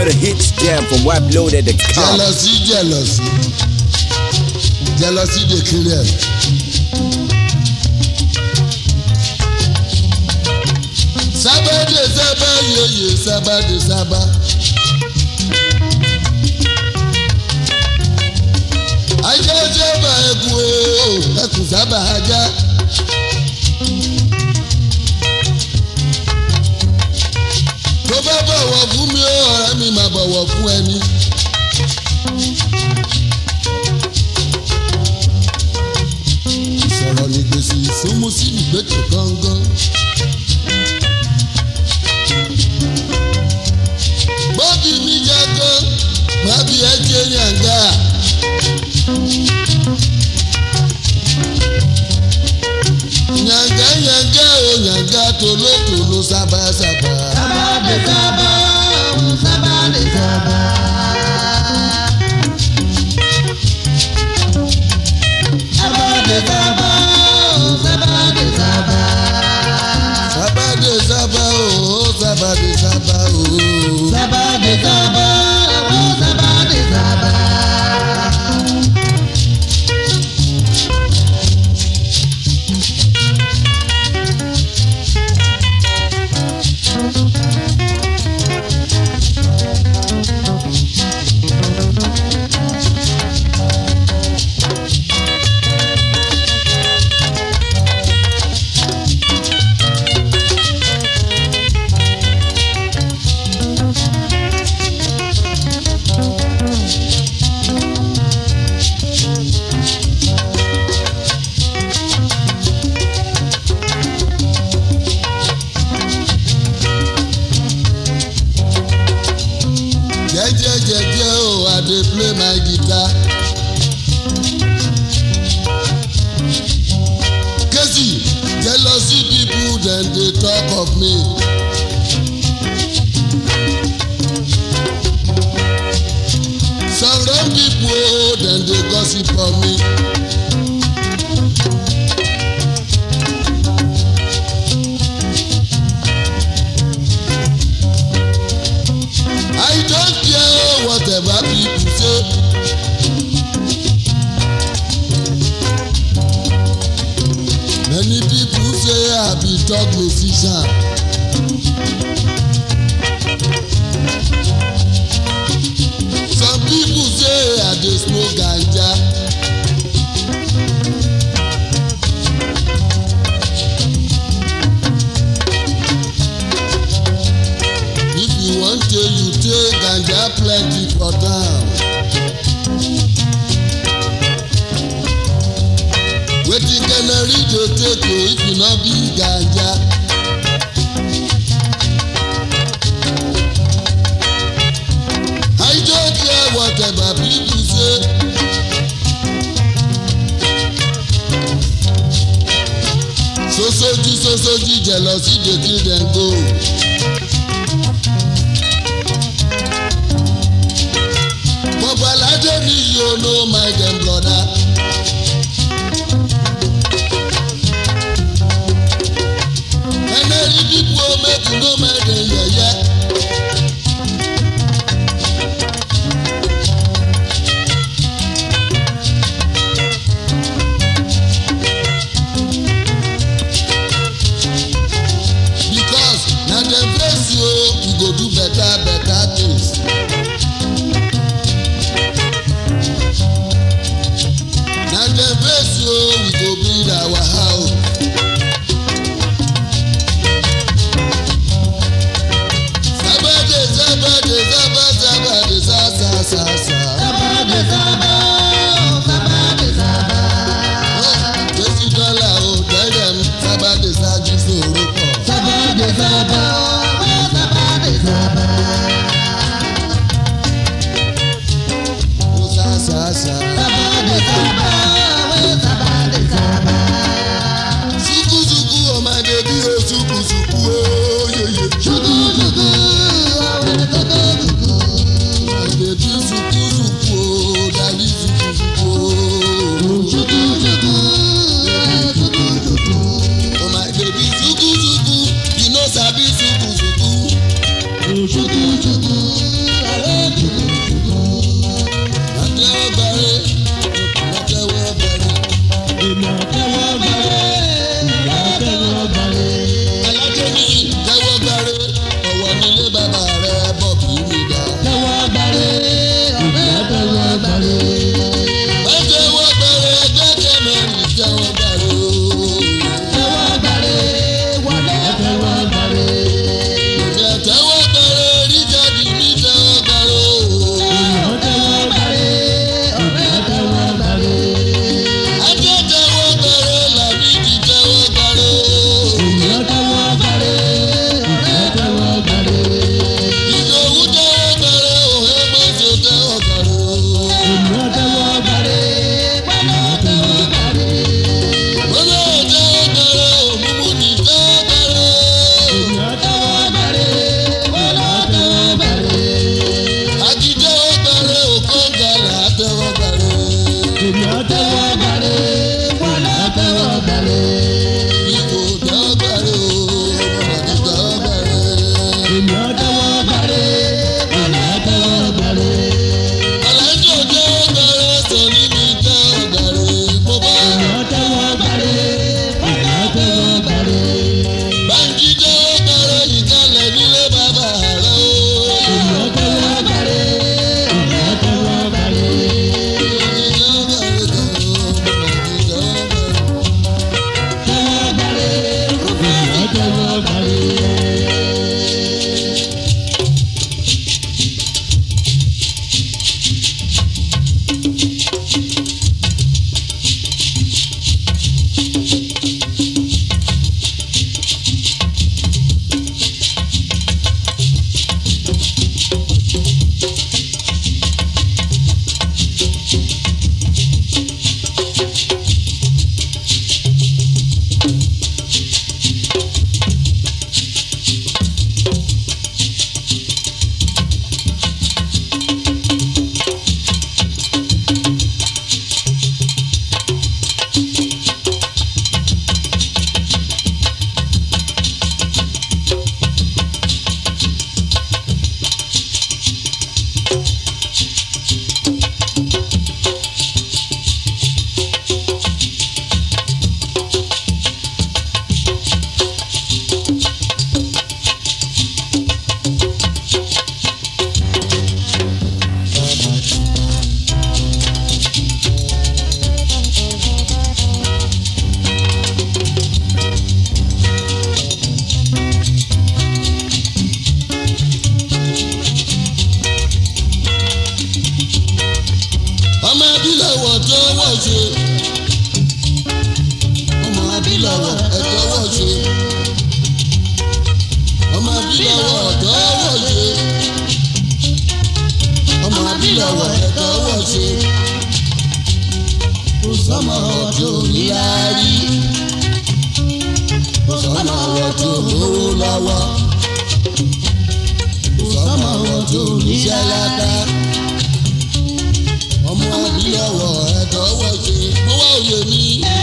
Hear the hit jam from White Loaded the car. Jealousy, jealousy. Jealousy, they kill them. Sábà dé sábà yeye sábà dé sábà. Ajá sábà ẹkùn ẹ̀ẹ́dẹ́kùn sábà ajá. bọ̀wọ̀ fún mi ó ọ̀rẹ́ mi máa bọ̀wọ̀ fún ẹni. ìsọ̀rọ̀ ní gbèsè ìsúnmú sí ìgbẹ́kẹ̀ gángan. bóbi mi jẹ́ gan má bí ẹ jẹ́ ní àgbà. yàngá yàngá o yàngá tolótoló sábàsábà. dey play my guitar. Kezi, jealousy people dem dey talk of me. Some wrong people dem dey gossip of me. TikTok musician. Some people say I dey smoke ganja. If you wan tey you take ganja plenty for town. etikene rijo teko if you no be gaja. I don't care whatever people say. Sosoji sosoji jealousy dey kill dem go. Bọ̀bọ̀ alájẹ́ mi yóò ló my jẹun. easy. Never kò sọ́mọ ọdún nílá rí kò sọ́mọ ọdún lówó lọ́wọ́ kò sọ́mọ ọdún níṣẹ́ ládá ọmọ ìdílé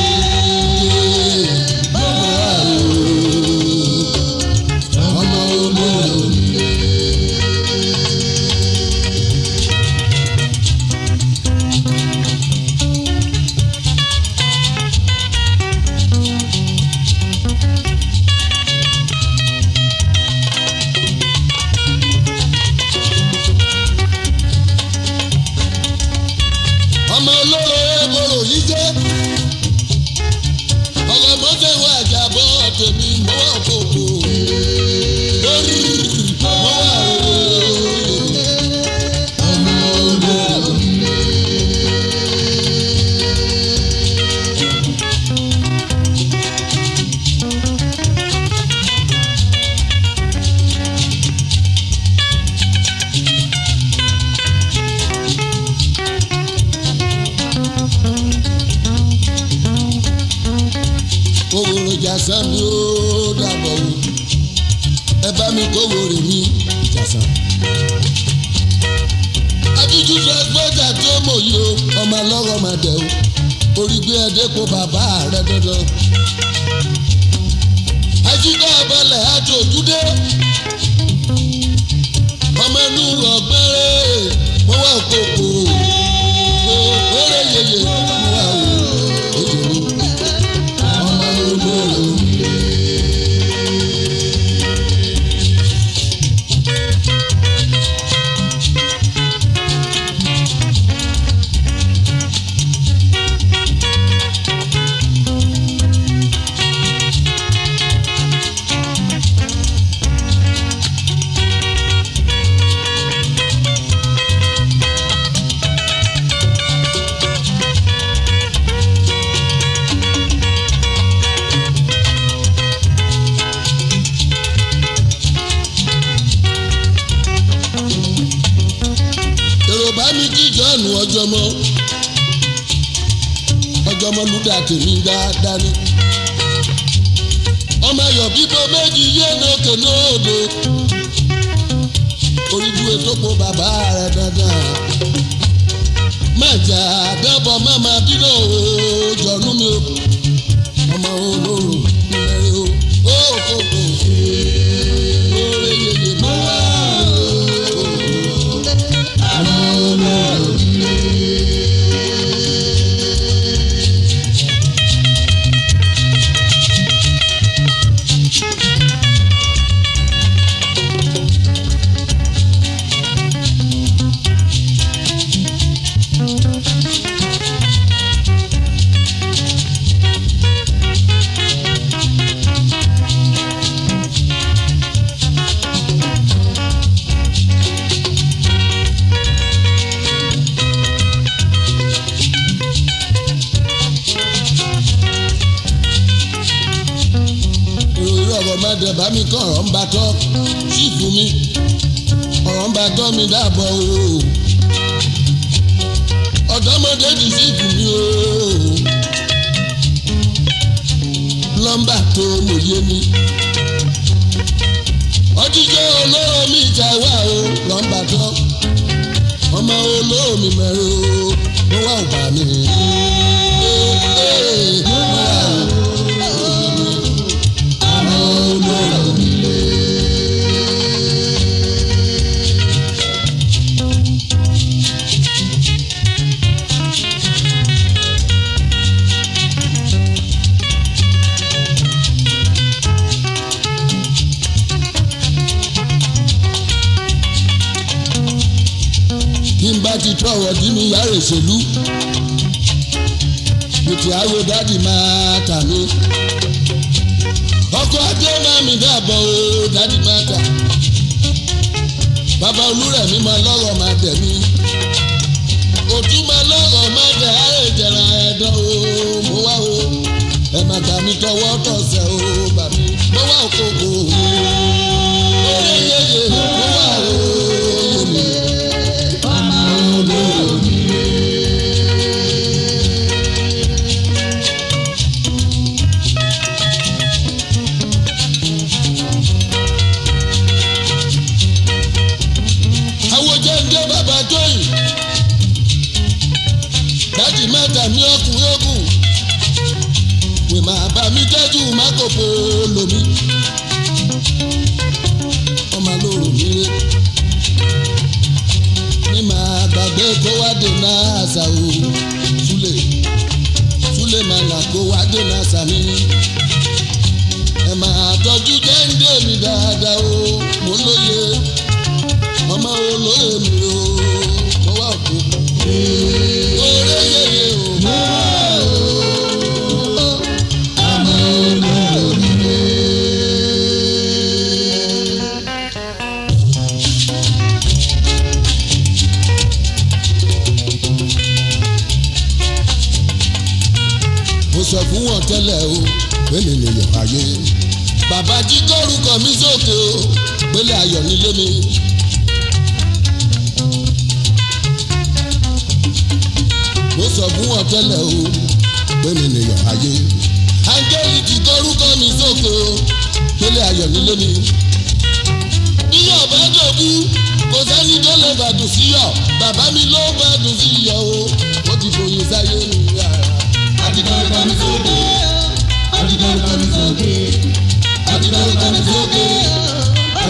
olówó rẹ̀ ní ìjàsán. adíjú transporter tó mọ̀ yìí o ọmọ alọ́rọ̀ máa dẹ̀ o orí gbé ẹdẹ́kọ̀ bàbá rẹ̀ dandan. ajídá abalẹ̀ àti òdúdé ọmọ inú rọ̀ gbẹ́rẹ́ wọ́n wà kókó. ọmọlúdà tèmi dáadáa ni. ọmọ ayọ̀ bíbọ méjì yé lókè lóde oríjú ètòpọ̀ bàbá rẹ̀ dáadáa. mẹ́jà dẹ́bọ̀ mẹ́ma bínú òòjọ́ nú mi o. padà bá mi kọ́ ọ̀rọ̀ ń bá tọ́ ṣìfù mi ọ̀rọ̀ ń bá tọ́ mi dáàbọ̀ o ọ̀dọ́mọdé ti ṣìfù mi o nọ́mbà tó lòye mi ọdíjọ́ olóró mi ta wá o nọ́mbà tọ́ ọmọ olóró mi mẹ́rin o wọ́n wà wà mí. òṣèlú ètò àwọ̀ dádì máa tà mí. ọkọ̀ ajé máa mi dàbọ̀ o dádì máa tà. bàbá mi máa lọ́rọ̀ máa tẹ̀ mí. òtún máa lọ́rọ̀ máa tẹ̀ àrèjẹ̀rà ẹ̀dán o mo wá o. ẹ máa gbà mí tọwọ́ tọ̀sẹ̀ o bàbá mo wá òkòkò o. ó yẹ yẹ yẹ. tẹ̀mí okùn yókùn wè má bà mí jẹ́jú má kò lomi ọmọ lóru mi rè ní má gbàgbé kó wá dènà àṣà o súlè súlè má là kó wá dènà àṣà mi ẹ má tọ́jú jẹ́ńdé mi dáadáa o mo lóye ọmọ olóye mi o mo wà òkú. ayọ̀ nílé mi. mo sọ fún ọ tẹ́lẹ̀ o pé mi nìyàn ayé. áńgẹ́lì ti gbórúkọ mi sóko délé ayọ̀ nílé mi. bí ọ̀bá dòkú kò sẹ́ni tó lè bàdùn sí yọ̀ bàbá mi ló bàdùn sí yọ̀ o ó ti fòyìn sáyé mi. àdìgbàlùkọ́ mi sókè àdìgbàlùkọ́ mi sókè àdìgbàlùkọ́ mi sókè.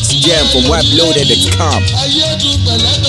It's Jam from WebLoaded.com.